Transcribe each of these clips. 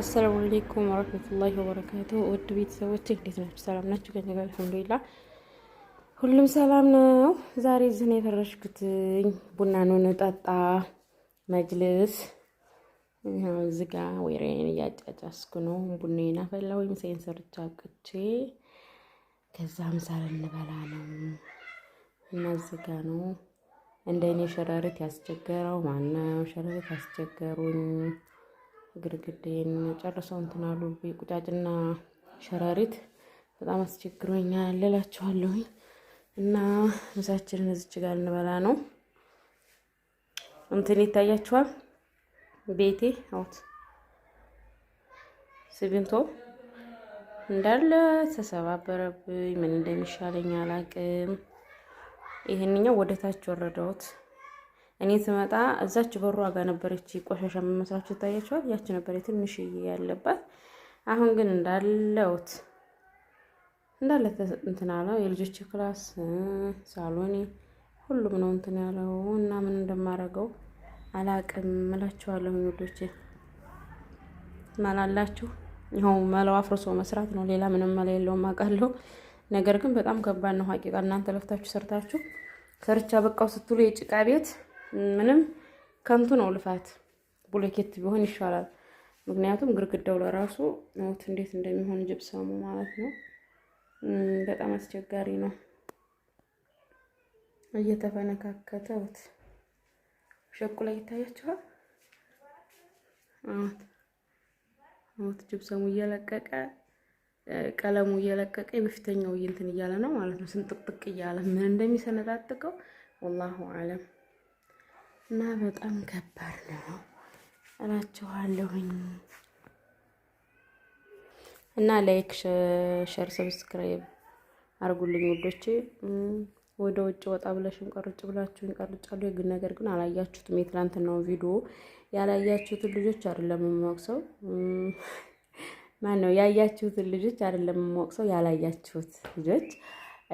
አሰላሙ አለይኩም ወረህመቱላሂ ወበረካቱ። ውድ ቤተሰቦች እንዴት ናችሁ? ሰላም ናችሁ? ከእኛ ጋር አልሐምዱሊላህ ሁሉም ሰላም ነው። ዛሬ እዚህ ነው የፈረሽኩትኝ። ቡና ነው እንጠጣ መጅልስ። እዚህ ጋ ወይሬን እያጫጫስኩ ነው። ቡናዬን አፈላሁ ወይም ምሳዬን ሰርቼ አውቅቼ ከዛ ምሳ ልንበላ ነው እና እዚህ ጋ ነው እንደ እኔ ሸረሪት ያስቸገረው ማነው? ሸረሪት ያስቸገሩኝ ግርግዴን ጨርሰው እንትን አሉ። ቁጫጭና ሸረሪት በጣም አስቸግሮኛል እላችኋለሁኝ። እና ምሳችንን እዚች ጋር እንበላ ነው። እንትን ይታያችኋል። ቤቴ አውት ስቢንቶ እንዳለ ተሰባበረብኝ። ምን እንደሚሻለኝ አላቅም። ይህንኛው ወደታች ወረደውት እኔ ስመጣ እዛች በሯ ጋር ነበረች ቆሻሻ መመስራች ይታያቸዋል። ያች ነበረ ትንሽዬ ያለባት። አሁን ግን እንዳለውት እንዳለ እንትን አለው። የልጆች ክላስ ሳሎኒ ሁሉም ነው እንትን ያለው እና ምን እንደማደርገው አላቅም እላችኋለሁ። ውዶቼ መላላችሁ ይኸው መለው አፍርሶ መስራት ነው። ሌላ ምንም መላ የለውም አውቃለሁ። ነገር ግን በጣም ከባድ ነው ሀቂቃ። እናንተ ለፍታችሁ ሰርታችሁ ሰርቻ በቃው ስትሉ የጭቃ ቤት ምንም ከንቱ ነው ልፋት። ብሎኬት ቢሆን ይሻላል። ምክንያቱም ግርግዳው ለራሱ ኖት እንዴት እንደሚሆን ጅብሰሙ ማለት ነው። በጣም አስቸጋሪ ነው። እየተፈነካከተውት ሸቁ ላይ ይታያችኋል። ኖት ጅብሰሙ እየለቀቀ ቀለሙ እየለቀቀ የበፊተኛው እንትን እያለ ነው ማለት ነው። ስንጥቅጥቅ እያለ ምን እንደሚሰነጣጥቀው ወላሁ አለም። እና በጣም ከባድ ነው እላችኋለሁኝ። እና ላይክ ሸር ሰብስክራይብ አርጉልኝ ውዶቼ። ወደ ውጭ ወጣ ብለሽም ቀርጭ ብላችሁኝ ቀርጫለሁ፣ ግን ነገር ግን አላያችሁትም። የትላንትናው ቪዲዮ ያላያችሁትን ልጆች አይደለም የምወቅሰው ማን ነው ያያችሁትን ልጆች አይደለም የምወቅሰው፣ ያላያችሁት ልጆች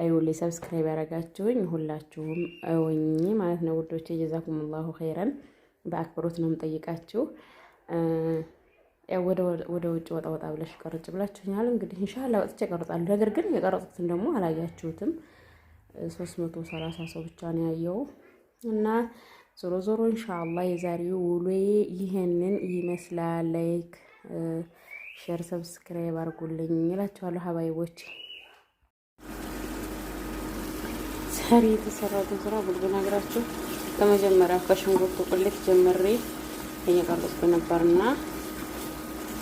አይውሌ ሰብስክራይብ ያደረጋችሁኝ ሁላችሁም እውኝ ማለት ነው ውዶቼ፣ ጀዛኩም ኸይረን በአክብሮት ነው የምጠይቃችሁ። ወደ ውጭ ወጣ ወጣ ብለሽ ቀረጭ ብላችሁኛል። እንግዲህ ኢንሻላህ ወጥቼ ቀርጻለሁ። ነገር ግን የቀረጹትን ደግሞ አላያችሁትም። ሶስት መቶ ሰላሳ ሰው ብቻ ነው ያየው እና ዞሮ ዞሮ እንሻላ የዛሬው ውሎ ይህንን ይመስላል። ላይክ ሼር፣ ሰብስክራይብ አድርጉልኝ እላችኋለሁ ሀባይቦች። ዛሬ የተሰራሁትን ስራ ብሉ ብነግራችሁ ከመጀመሪያ ከሽንኩርቱ ቁሌት ጀምሬ እየቀረጽኩ ነበርና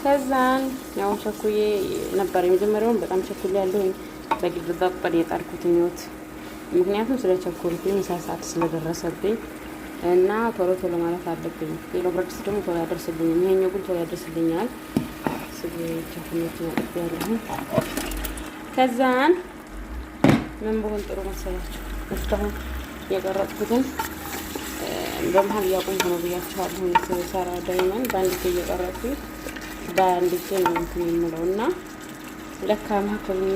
ከዛን ያው ቸኩዬ ነበር። የመጀመሪያውን በጣም ቸኩል ያለሁኝ ያለሁ በግብጣጠል የጠርኩት ኒወት ምክንያቱም ስለ ቸኮልኩኝ ምሳ ሰዓት ስለደረሰብኝ እና ቶሎ ቶሎ ማለት አለብኝ። ሌላው ብረት ደግሞ ቶሎ ያደርስልኝ፣ ይሄኛው ግን ቶሎ ያደርስልኛል። ስለ ቸኩሎችን ያለሁ ከዛን ምን በሆን ጥሩ መሰላችሁ እስካሁን የቀረጽኩትን በመሀል እያቆምኩ ነው ብያቸዋለሁ። ስሰራ ዳይመን በአንድ እጄ እየቀረጽኩኝ በአንድ እጄ ነው እንትን የምለው እና ለካ መካከሉን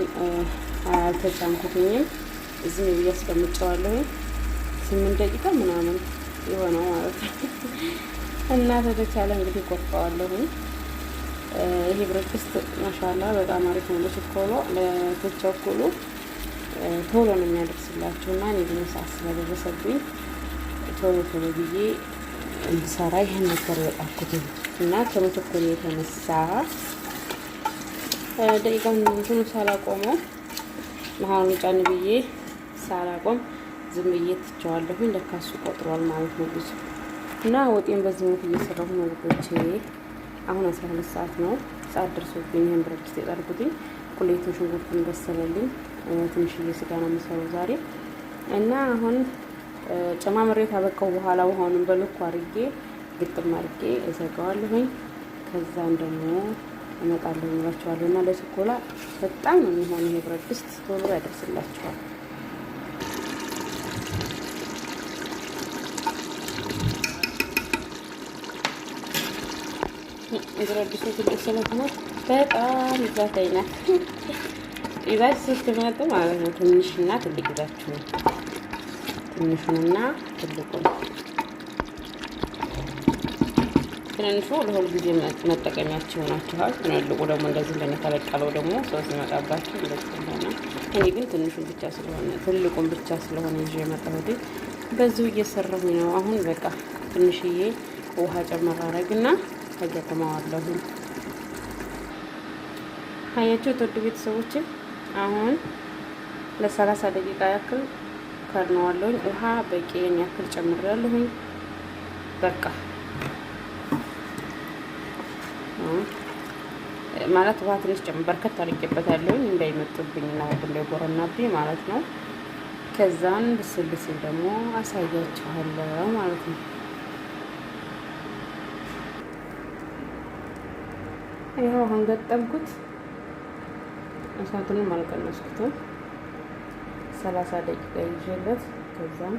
አልተጫንኩትኝም። እዚህ ነው እያስቀምጨዋለሁ። ስምንት ደቂቃ ምናምን የሆነው ማለት ነው እና ተደቻለ እንግዲህ ቆርጠዋለሁኝ። ይሄ ብረት ድስት ማሻላ በጣም አሪፍ ነው። ለችኮሎ ለተቸኩሉ ቶሎ ነው የሚያደርስላቸው እና እኔ ግን ሰዓት ስለደረሰብኝ ቶሎ ቶሎ ብዬ እንድሰራ ይህን ነበር የወጣኩት እና ከመቸኮል የተነሳ ደቂቃ እንትኑ ሳላቆመው መሀኑ ጫን ብዬ ሳላቆም ዝም ብዬ ትቸዋለሁኝ። ለካ እሱ ቆጥሯል ማለት ነው ብዙ እና ወጤን በዚህ ሞት እየሰራሁ ነው ልጆቼ። አሁን አስራ ሁለት ሰዓት ነው። ሰዓት ደርሶብኝ ይህን ብረት የጠርጉትኝ ቁሌቱን ሽንኩርቱን በሰለልኝ። ትንሽዬ ስጋ ነው የምሰሩ ዛሬ እና አሁን ጨማምሬ ካበቃው በኋላ ውሃውንም በልኩ አድርጌ ግጥም አድርጌ እዘጋዋለሁኝ። ከዛን ደግሞ እመጣለሁ ይላችኋለሁ እና ለችኮላ በጣም ነው የሚሆነው ይሄ ብረት ድስት ቶሎ ያደርስላቸዋል። ብረት ድስቱ ትልቅ ስለሆነ በጣም ብዛት አይናት ይዛች ስትመጡ ማለት ነው። ትንሽና ትልቅ ይዛችሁ ነው። ትንሹንና ትልቁን ትንንሹ ለሁል ጊዜ መጠቀሚያቸው ናችኋል። ትንልቁ ደግሞ እንደዚህ እንደነተለቀለው ደግሞ ሰው ሲመጣባቸው እንደዚህ ስለሆነ እኔ ግን ትንሹን ብቻ ስለሆነ ትልቁን ብቻ ስለሆነ ይዤ የመጣሁት በዚሁ እየሰራሁኝ ነው። አሁን በቃ ትንሽዬ ውሃ ጨመር አረግና ተገጥመዋለሁኝ አያቸው የተወዱ ቤተሰቦች አሁን ለሰላሳ ደቂቃ ያክል ከርነዋለሁኝ። ውሃ በቂን ያክል ጨምሬያለሁኝ። በቃ ማለት ውሃ ትንሽ በርከት አድርጌበት ያለሁኝ እንዳይመጡብኝ እና እንዳይጎረናብኝ ማለት ነው። ከዛን ብስል ብስል ደግሞ አሳያችኋለሁ ማለት ነው። ይኸው አሁን ገጠምኩት። እሳቱንም አልቀነስኩትም። ሰላሳ ደቂቃ ይዤለት ከዛም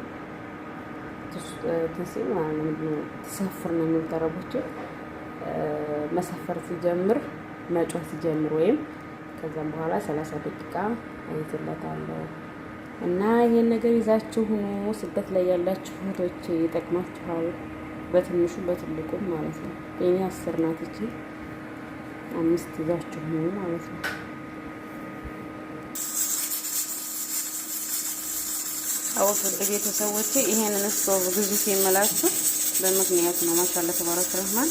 ትንስ ትሰፍር ነው የሚጠረቦች መሰፈር ሲጀምር መጮህ ሲጀምር ወይም ከዛም በኋላ ሰላሳ ደቂቃ አይትለታለሁ እና ይሄን ነገር ይዛችሁ ስደት ላይ ያላችሁ እህቶች ይጠቅማችኋል። በትንሹ በትልቁም ማለት ነው። የኔ አስር ናት ይቺ አምስት ይዛችሁ ማለት ነው። አወት ውድ ቤተሰቦቼ ይሄንን ስቶቭ ግዙፍ የምላችሁ በምክንያት ነው። ማሻአላ ተባረከ ረህማን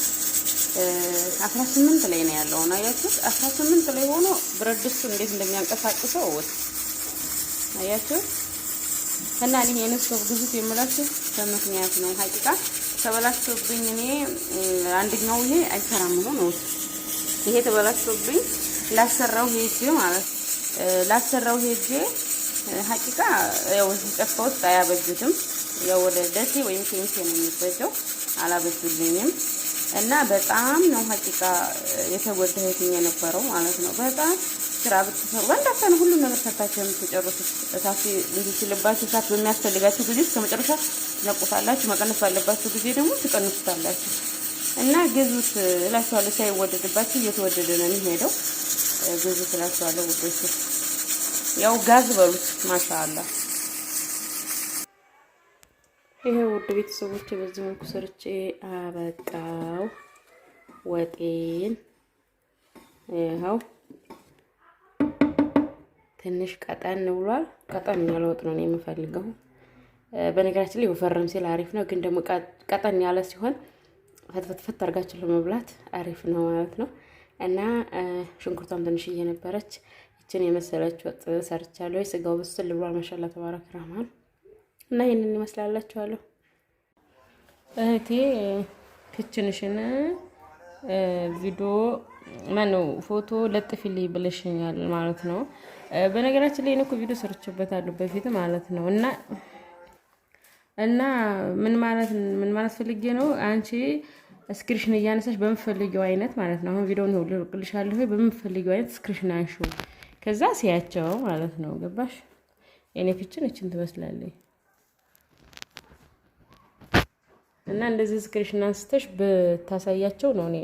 አስራ ላይ ነው ያለው ነው አያችሁት። አስራ ላይ ሆኖ ብረት ድስቱ እንዴት እንደሚያንቀሳቅሰው እውት አያችሁት። እና ይሄንን ስቶቭ ግዙፍ የምላችሁ በምክንያት ነው። ሀቂቃ ተበላሽቶብኝ እኔ አንደኛው ይሄ አይሰራም ነው ነው ይሄ ተበላሽቶብኝ ላሰራው ሄጄ ማለት ላሰራው ሄጄ ሀቂቃ ያው ጨርሶ ውስጥ አያበጁትም። ያው ወደ ደሴ ወይም ቴንሴ ነው የሚበጀው። አላበጁልኝም እና በጣም ነው ሀቂቃ የተጎዳሁትኝ የነበረው ማለት ነው። በጣም ስራ ብትሰሩ በእንዳታነ ሁሉም ነገር ሰርታችሁ የምትጨርሱት እሳት ልጅ ሲልባችሁ እሳት በሚያስፈልጋችሁ ጊዜ እስከ መጨረሻ ትነቁታላችሁ። መቀነስ ባለባችሁ ጊዜ ደግሞ ትቀንሱታላችሁ። እና ግዙት እላችኋለሁ። ሳይወደድባችሁ እየተወደደ ነው የሚሄደው። ግዙት እላችኋለሁ ውዶች። ያው ጋዝ በሉት ማሻአላ። ይሄ ውድ ቤተሰቦች በዚህ መልኩ ሰርቼ አበቃው። ወጤን ይኸው ትንሽ ቀጠን ብሏል። ቀጠን ያለ ወጥ ነው የምፈልገው። በነገራችን ላይ ወፈረም ሲል አሪፍ ነው፣ ግን ደግሞ ቀጠን ያለ ሲሆን ፈትፈትፈት አድርጋችሁ ለመብላት አሪፍ ነው ማለት ነው። እና ሽንኩርቷም ትንሽ እየነበረች ይችን የመሰለች ወጥ ሰርቻለሁ። የስጋው ብስል ብሏል። መሻላ ተባረክ ረህማን እና ይህንን ይመስላላችኋለሁ። እህቴ ክችንሽን ቪዲዮ ማነው ፎቶ ለጥፊልኝ ብለሽኛል ማለት ነው። በነገራችን ላይ እኔ እኮ ቪዲዮ ሰርቼበታለሁ በፊት ማለት ነው እና እና ምን ማለት ምን ማለት ፈልጌ ነው አንቺ እስክሪሽን እያነሳሽ በምፈልጊው አይነት ማለት ነው። አሁን ቪዲዮውን ሁሉ ልቅልሻለሁ። በምፈልጊው አይነት እስክሪሽን አንሹ፣ ከዛ ሲያቸው ማለት ነው። ገባሽ? የኔ ፍችን እችን ትመስላለች እና እንደዚህ እስክሪሽን አንስተሽ ብታሳያቸው ነው እኔ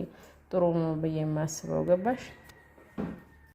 ጥሩ ነው ብዬ የማስበው። ገባሽ?